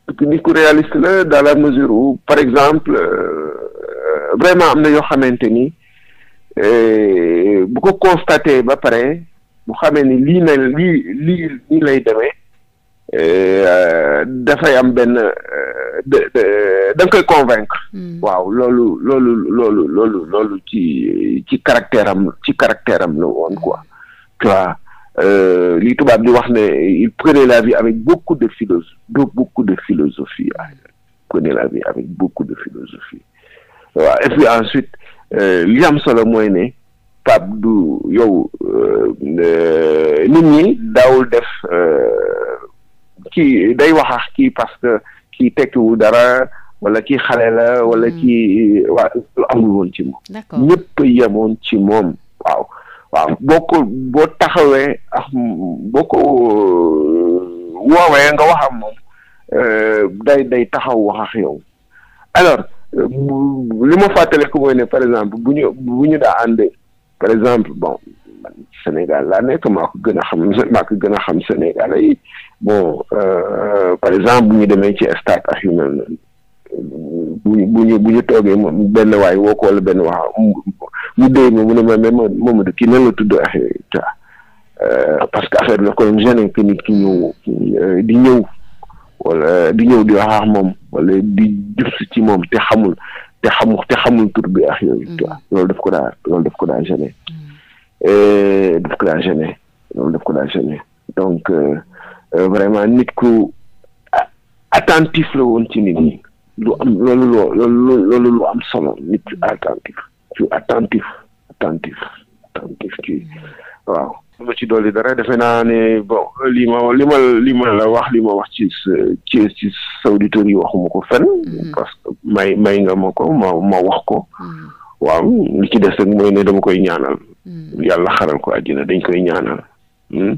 euh, nit ku réaliste la dans la mesure où par exemple vraiment am na yoo xamante ni bu ko constaté ba pare bu xamee ni lii na lii lii lii lay demee dafay am benn da nga koy convaincre hmm. waaw loolu loolu loolu loolu loolu ci ci caractère ci caractère am la woon quoi Euh, li tubaab di wax ne il prenait la vie avec beaucoup de philosophie de beaucoup de philosophie mm. prenait la vie avec beaucoup de philosophie waaw et puis ensuite euh, li am solo mooy ne Pape du yow euh, nit ñi daawul def ki day wax ak kii parce que kii tekkiwu dara wala kii xale la wala mm. kii waa amul woon ci moom ñëpp yemoon ci moom waaw waaw boo ko boo taxawee ax boo ko euh, woowee nga wax moom euh, day day taxaw wax yow alors euh, li ma fàttaliku mooy ne par exemple bu ñu ñu daa ànd par exemple bon man Sénégal laa nekk maa ko gën a xam maa ko gën a xam Sénégal yi bon par exemple bu ñu demee ci stade ak yu mel bu ñu bu ñu bu ñu toogee moom benn waay woo ko wala benn waa ñu doy ma mu ne ma mais Mamadou kii nan la tudd ah parce que affaire bi daf ko doon gêné que nit ki ñëw euh, di ñëw wala euh, di ñëw di wax ak moom wala di jub si ci moom te xamul te xamul te xamul tur bi ak yooyu. Mm. loolu daf ko daa loolu daf ko daa gêné. Mm. daf ko daa gêné loolu daf ko daa gêné donc vraiment nit ku attentif la woon ci nit ñi. Mm. lu am loolu loo loolu loolu lu am solo nit attentif tu attentif attentif attentif ci waaw lu ma ci dolli dara defe naa ne bon li ma li ma la wax li ma wax ci ci ci sa auditeurs yi waxuma ko fenn mm-hmm. parce que may may nga ma ko ma ma wax ko mm-hmm. waaw li ci des rek mooy ne dama koy ñaanal mm-hmm. yàlla xaral ko àddina dañ koy ñaanal hmm?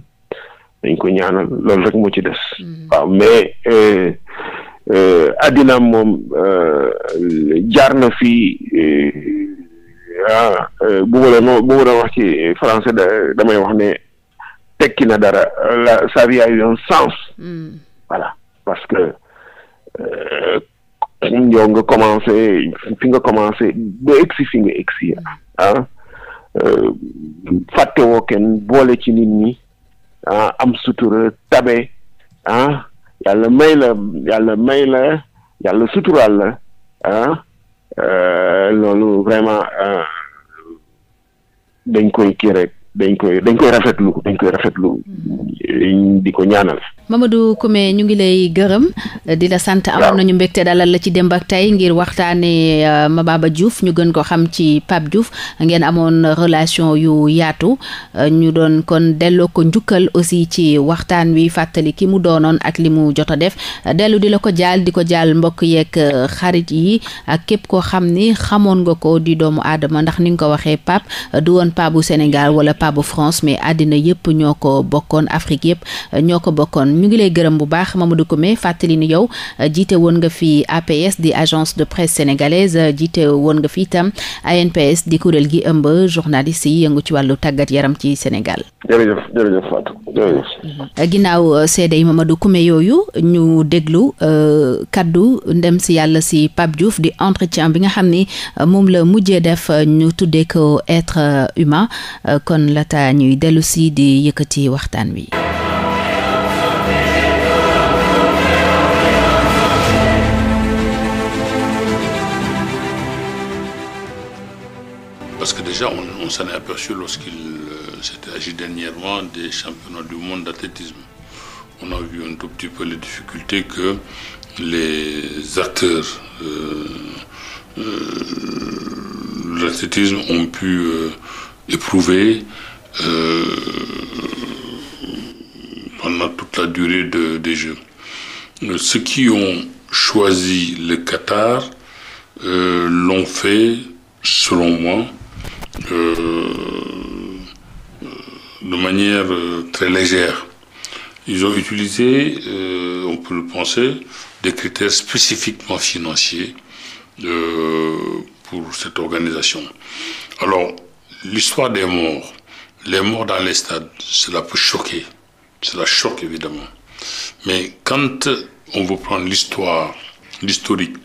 dañ ko ñaanal loolu rek moo ci des waaw mais addina euh, euh, moom euh, jaar na fii ah euh, bu ma leen wax ci français damay wax ne tekki na dara la sa vie a sens. Hmm. voilà parce que euh, yow nga commencé fi nga commencé ba egsi fi nga egsi hmm. ah euh, fàttewoo kenn boole ci nit ñi ah, am sutura tabe ah, yàlla may la yàlla may la yàlla suturaal la ah, Euh, loolu vraiment euh, dañ koy kii rek dañ koy dañ koy dañ koy rafetlu mm. di ko ñaanal. Mamadou Koumé ñu ngi lay gërëm. di la sant amoon nañu mbégte dalal la ci démb ak tey ngir waxtaanee euh, Mababa Diouf ñu gën ko xam ci Pape juuf ngeen amoon relation yu yaatu euh, ñu doon kon delloo ko njukkal aussi ci waxtaan wi fàttali ki mu doonoon ak li mu jot def euh, dellu di la ko jaal di ko jaal mbokk yeeg xarit yi ak képp koo xam ni xamoon nga ko di doomu aadama ndax ni nga ko waxee Pape du woon Pape bu Sénégal wala. pas bu France mais àddina yëpp ñoo ko bokkoon Afrique yëpp euh, ñoo ko bokkoon ñu ngi lay gërëm bu baax Mamadou Koumé fàttali ni yow euh, jiite woon nga fi APS di agence de presse sénégalaise euh, jiite woon nga fi itam ANPS di kuréel gi ëmb journaliste yi yëngu ci wàllu tàggat yaram ci Sénégal. jërëjëf jërëjëf Fatou jërëjëf. ginnaaw seede yi Mamadou Koumé yooyu ñu déglu kaddu ndem si yàlla si Pape Diouf di entretien bi nga xam ni moom la mujjee def ñu tuddee ko être humain kon. kon laata ñuy dellu si di yëkkati waxtaan wi. Parce que déjà on, on s'en est aperçu lorsqu'il euh, s'était agi dernièrement des championnats du monde d'athlétisme. On a vu un tout petit peu les difficultés que les acteurs euh, euh, de l'athlétisme ont pu éprouvés euh, pendant toute la durée de, des Jeux. Euh, ceux qui ont choisi le Qatar euh, l'ont fait, selon moi, euh, euh, de manière très légère. Ils ont utilisé, on peut le penser, des critères spécifiquement financiers euh, pour cette organisation. Alors, l'histoire des morts, les morts dans les stades, cela peut choquer. Cela choque évidemment. Mais quand on veut prendre l'histoire, l'historique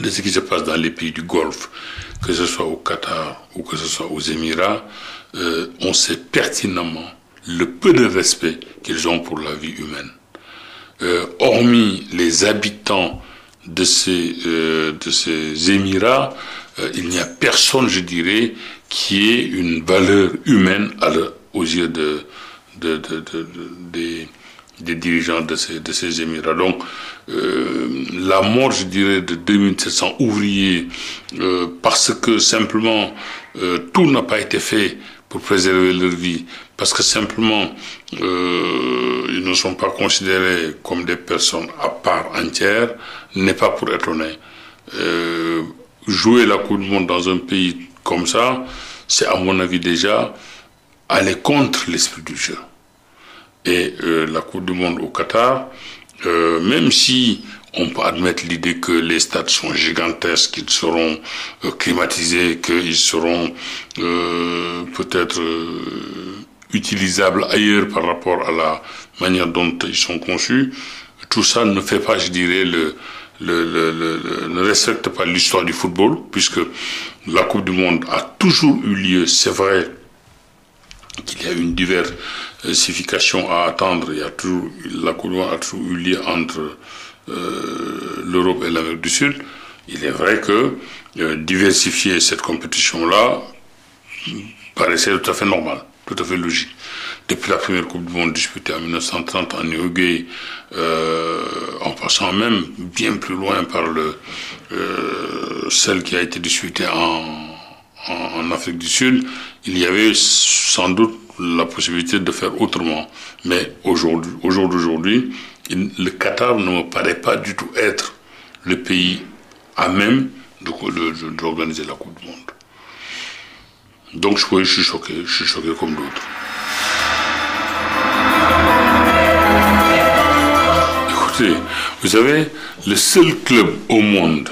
de ce qui se passe dans les pays du Golfe, que ce soit au Qatar ou que ce soit aux Émirats, euh, on sait pertinemment le peu de respect qu'ils ont pour la vie humaine. Euh, hormis les habitants de ces, euh, de ces Émirats, Euh, il n'y a personne, je dirais, qui ait une valeur humaine à le, aux yeux de, de, de, des, des, dirigeants de ces, de ces Émirats. Donc, euh, la mort, je dirais, de 2700 ouvriers, euh, parce que simplement euh, tout n'a pas été fait pour préserver leur vie, parce que simplement euh, ils ne sont pas considérés comme des personnes à part entière, n'est pas pour étonner. jouer la Coupe du Monde dans un pays comme ça, c'est à mon avis déjà aller contre l'esprit du jeu. Et euh, la Coupe du Monde au Qatar, euh, même si on peut admettre l'idée que les stades sont gigantesques, qu'ils seront euh, climatisés, qu'ils seront euh, peut-être euh, utilisables ailleurs par rapport à la manière dont ils sont conçus, tout ça ne fait pas, je dirais, le, le, le, le, ne respecte pas l'histoire du football, puisque la Coupe du Monde a toujours eu lieu, c'est vrai qu'il y a une diversification à attendre, il y a toujours, la Coupe du Monde a toujours eu lieu entre euh, l'Europe et l'Amérique du Sud. Il est vrai que euh, diversifier cette compétition-là paraissait tout à fait normal, tout à fait logique. depuis la première Coupe du Monde disputée en 1930 en Uruguay, euh, en passant même bien plus loin par euh, celle qui a été disputée en, en, en, Afrique du Sud, il y avait sans doute la possibilité de faire autrement. Mais aujourd'hui, au jour d'aujourd'hui, le Qatar ne me paraît pas du tout être le pays à même d'organiser de, de, de la Coupe du Monde. Donc je, suis choqué, comme d'autres. Écoutez, vous savez, le seul club au monde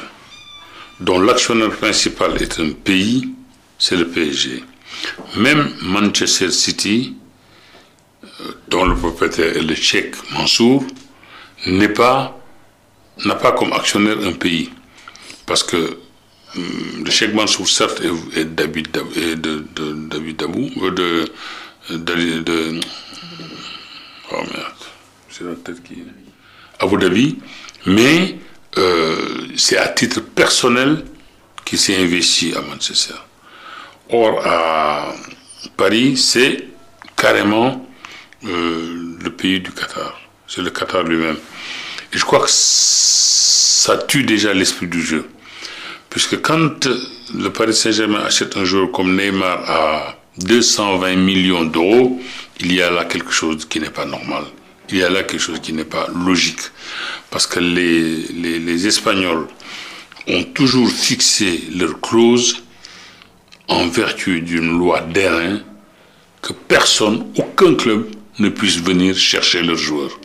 dont l'actionnaire principal est un pays, c'est le PSG. Même Manchester City, euh, dont le propriétaire est le Tchèque Mansour, n'est pas n'a pas comme actionnaire un pays. Parce que le Cheikh Mansour, certes, est, David de, de, David Dabou, euh, de, euh, de, de, oh merde, c'est la tête qui Abu Dhabi, mais euh, c'est à titre personnel qu'il s'est investi à Manchester. Or, à Paris, c'est carrément euh, le pays du Qatar. C'est le Qatar lui-même. Et je crois que ça tue déjà l'esprit du jeu. Puisque quand euh, le Paris Saint-Germain achète un joueur comme Neymar à 220 millions d'euros, il y a là quelque chose qui n'est pas normal. il y a là quelque chose qui n'est pas logique, parce que les, les, les Espagnols ont toujours fixé leur clause en vertu d'une loi d'airain que personne, aucun club ne puisse venir chercher leurs joueurs.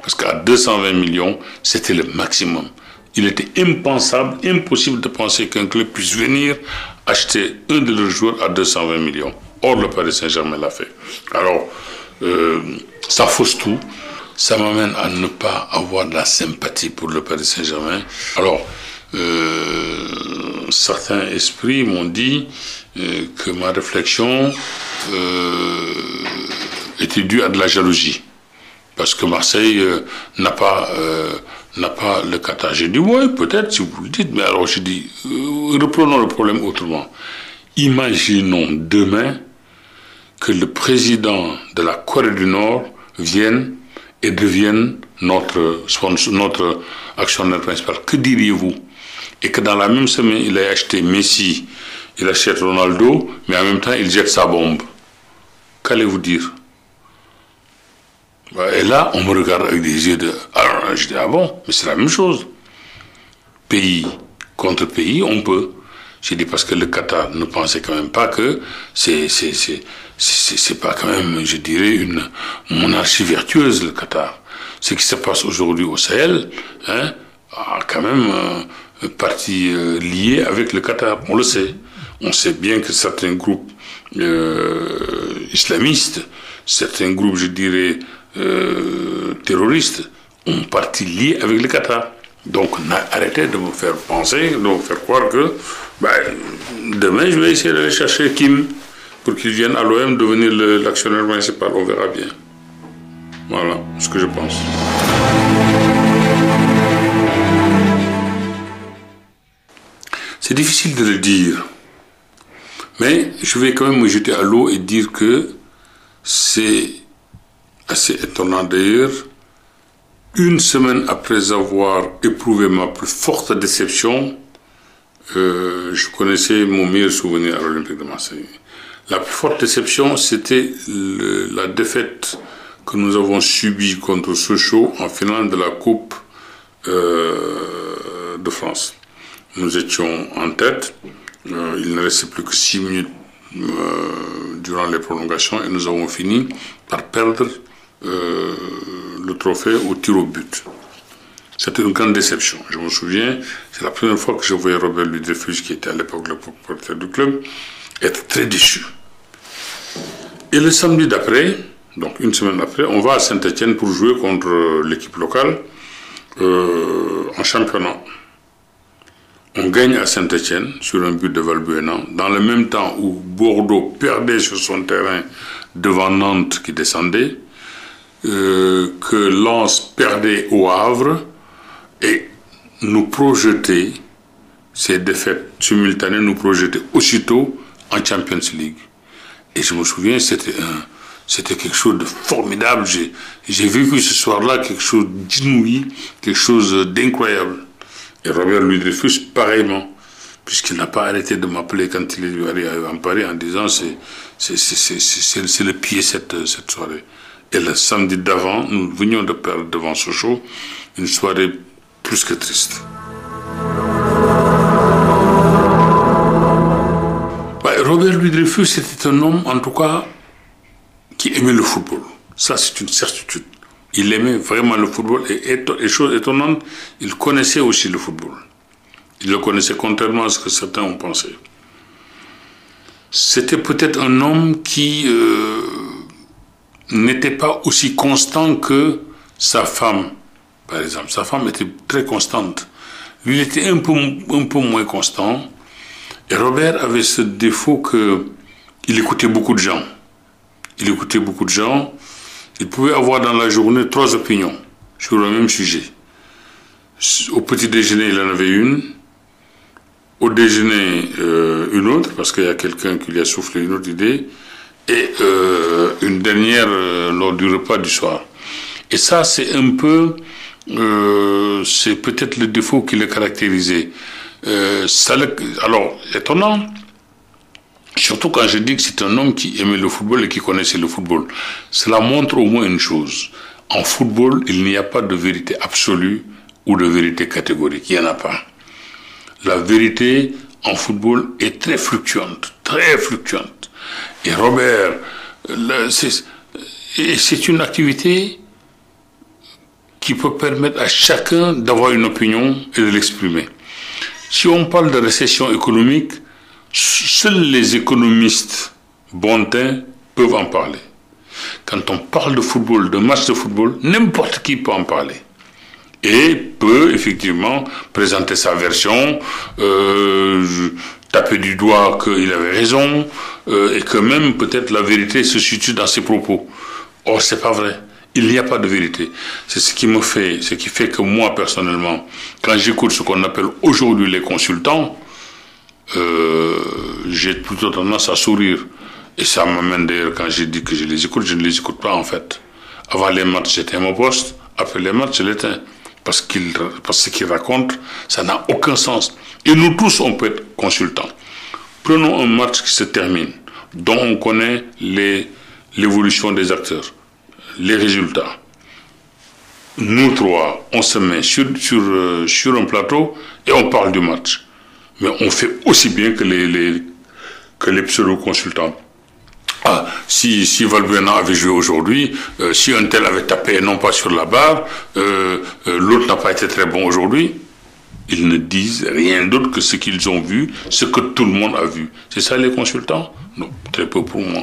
Parce qu'à 220 millions, c'était le maximum. Il était impensable, impossible de penser qu'un club puisse venir acheter un de leurs joueurs à 220 millions. Or, le Paris Saint-Germain l'a fait. Alors, euh, ça fausse tout. Ça m'amène à ne pas avoir de la sympathie pour le Paris Saint-Germain. Alors, euh, certains esprits m'ont dit euh, que ma réflexion euh, était due à de la jalousie. Parce que Marseille euh, n'a pas euh, n'a pas le Qatar. J'ai dit, oui, peut-être, si vous le dites, mais alors j'ai dit, euh, reprenons le problème autrement. Imaginons demain que le président de la Corée du Nord vienne et devienne notre, actionnaire principal. Que diriez-vous Et que dans la même semaine, il ait acheté Messi, il achète Ronaldo, mais en même temps, il jette sa bombe. Qu'allez-vous dire Et là, on me regarde avec des yeux de... Ah, ah bon, mais c'est la même chose. Pays contre pays, on peut. J'ai dit parce que le Qatar ne pensait quand même pas que c'est c'est pas quand même, je dirais, une monarchie vertueuse, le Qatar. Ce qui se passe aujourd'hui au Sahel hein, a quand même euh, partie euh, liée avec le Qatar, on le sait. On sait bien que certains groupes euh, islamistes, certains groupes, je dirais, euh, terroristes, ont partie liée avec le Qatar. Donc arrêtez de me faire penser, de me faire croire que ben, demain je vais essayer d'aller chercher Kim. pour qu'il vienne à l'OM devenir l'actionnaire principal. On verra bien. Voilà ce que je pense. C'est difficile de le dire, mais je vais quand même me jeter à l'eau et dire que c'est assez étonnant d'ailleurs. Une semaine après avoir éprouvé ma plus forte déception, euh, je connaissais mon meilleur souvenir à l'Olympique de Marseille. La plus forte déception, c'était la défaite que nous avons subie contre Sochaux en finale de la Coupe euh, de France. Nous étions en tête. Euh, il ne restait plus que 6 minutes euh, durant les prolongations et nous avons fini par perdre euh, le trophée au tir au but. C'était une grande déception. Je me souviens, c'est la première fois que je voyais Robert Ludwig qui était à l'époque le propriétaire du club, être très déçu. Et le samedi d'après, donc une semaine après, on va à Saint-Etienne pour jouer contre l'équipe locale euh, en championnat. On gagne à Saint-Etienne sur un but de Valbuena. Dans le même temps où Bordeaux perdait sur son terrain devant Nantes qui descendait, euh, que Lens perdait au Havre et nous projetait, ces défaites simultanées nous projetaient aussitôt en Champions League. Et je me souviens, c'était c'était quelque chose de formidable. J'ai vécu ce soir-là quelque chose d'inouï, quelque chose d'incroyable. Et Robert Louis Dreyfus, pareillement, puisqu'il n'a pas arrêté de m'appeler quand il est arrivé à Paris en disant c'est le pied cette, cette soirée. Et le samedi d'avant, nous venions de perdre devant Sochaux une soirée plus que triste. Robert Louis Dreyfus était un homme, en tout cas, qui aimait le football. Ça, c'est une certitude. Il aimait vraiment le football et, et chose étonnante, il connaissait aussi le football. Il le connaissait contrairement ce que certains ont pensé. C'était peut-être un homme qui euh, n'était pas aussi constant que sa femme, par exemple. Sa femme était très constante. Lui, était un peu moins constant. Et Robert avait ce défaut que écoutait beaucoup de gens. Il écoutait beaucoup de gens. Il pouvait avoir dans la journée trois opinions sur le même sujet. Au petit déjeuner, il en avait une. Au déjeuner, euh, une autre, parce qu'il y a quelqu'un qui lui a une autre idée. Et euh, une dernière euh, lors du repas du soir. Et ça, c'est un peu, euh, c'est peut-être le défaut qui le caractérisait. euh, ça, alors, étonnant, surtout quand je dis que c'est un homme qui aimait le football et qui connaissait le football. Cela montre au moins une chose. En football, il n'y a pas de vérité absolue ou de vérité catégorique. Il n'y en a pas. La vérité en football est très fluctuante, très fluctuante. Et Robert, euh, c'est une activité qui peut permettre à chacun d'avoir une opinion et de l'exprimer. Si on parle de récession économique, seuls les économistes bontins peuvent en parler. Quand on parle de football, de match de football, n'importe qui peut en parler et peut effectivement présenter sa version, euh, taper du doigt qu'il avait raison euh, et que même peut-être la vérité se situe dans ses propos. Or, c'est pas vrai. Il n'y a pas de vérité. C'est ce qui me fait, ce qui fait que moi personnellement, quand j'écoute ce qu'on appelle aujourd'hui les consultants, euh, j'ai plutôt tendance à sourire. Et ça m'amène d'ailleurs, quand j'ai dit que je les écoute, je ne les écoute pas en fait. Avant les matchs, j'étais à mon poste. Après les matchs, je l'éteins. Parce, qu'il, parce que ce qu'ils racontent, ça n'a aucun sens. Et nous tous, on peut être consultants. Prenons un match qui se termine, dont on connaît les, l'évolution des acteurs. les résultats. Nous trois, on se met sur, sur, euh, sur un plateau et on parle du match. Mais on fait aussi bien que les, les que les pseudo-consultants. Ah, si, si Valbuena avait joué aujourd'hui, euh, si un tel avait tapé non pas sur la barre, euh, euh, l'autre n'a pas été très bon aujourd'hui, ils ne disent rien d'autre que ce qu'ils ont vu, ce que tout le monde a vu. C'est ça les consultants Non, très peu pour moi.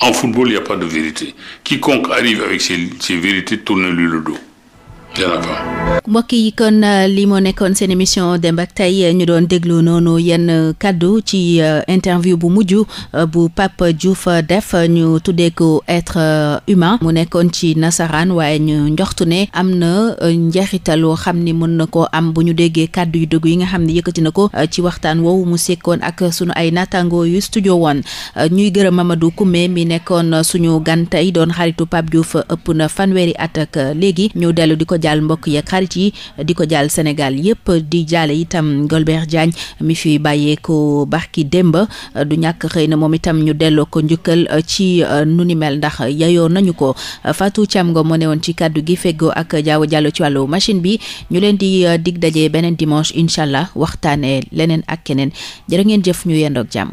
En football, il n'y a pas de vérité. Quiconque arrive avec ses, ses vérités, tourne-lui le dos. mbokk yi kon euh, li moo nekkoon seen émission Demb ak Tay ñu doon déglu noonu yenn euh, kàddu ci euh, interview bu mujj bu Pape Diouf def ñu tuddee ko être humain mu nekkoon ci nasaraan waaye ñu njoxtu ne am na njeexitaloo xam ni mën na ko am bu ñu déggee kàddu yu dugg yi nga xam ne yëkkati na ko ci waxtaan woowu mu sekkoon ak sunu ay naataango yu studio woon ñuy gërëm Mamadou Koumé mi nekkoon suñu gan tey doon xaritu Pape Diouf ëpp na fanweeri at ak léegi ñu dellu jaal mbokk yi ak xarit yi di ko jaal Sénégal yépp di jaale itam Golbert Diagne mi fi bàyyeekoo barki demba du ñàkk xëy na moom itam ñu delloo ko njukkal euh, ci euh, nu ni mel ndax yayoo nañu ko euh, Fatou Thiam nga moo ne woon ci kàddu gi feggoo ak jaaw jàllo ci wàllu machine bi ñu leen di dig daje beneen dimanche incha allah waxtaanee leneen ak keneen jërë ngeen jëf ñu yendoog jàmm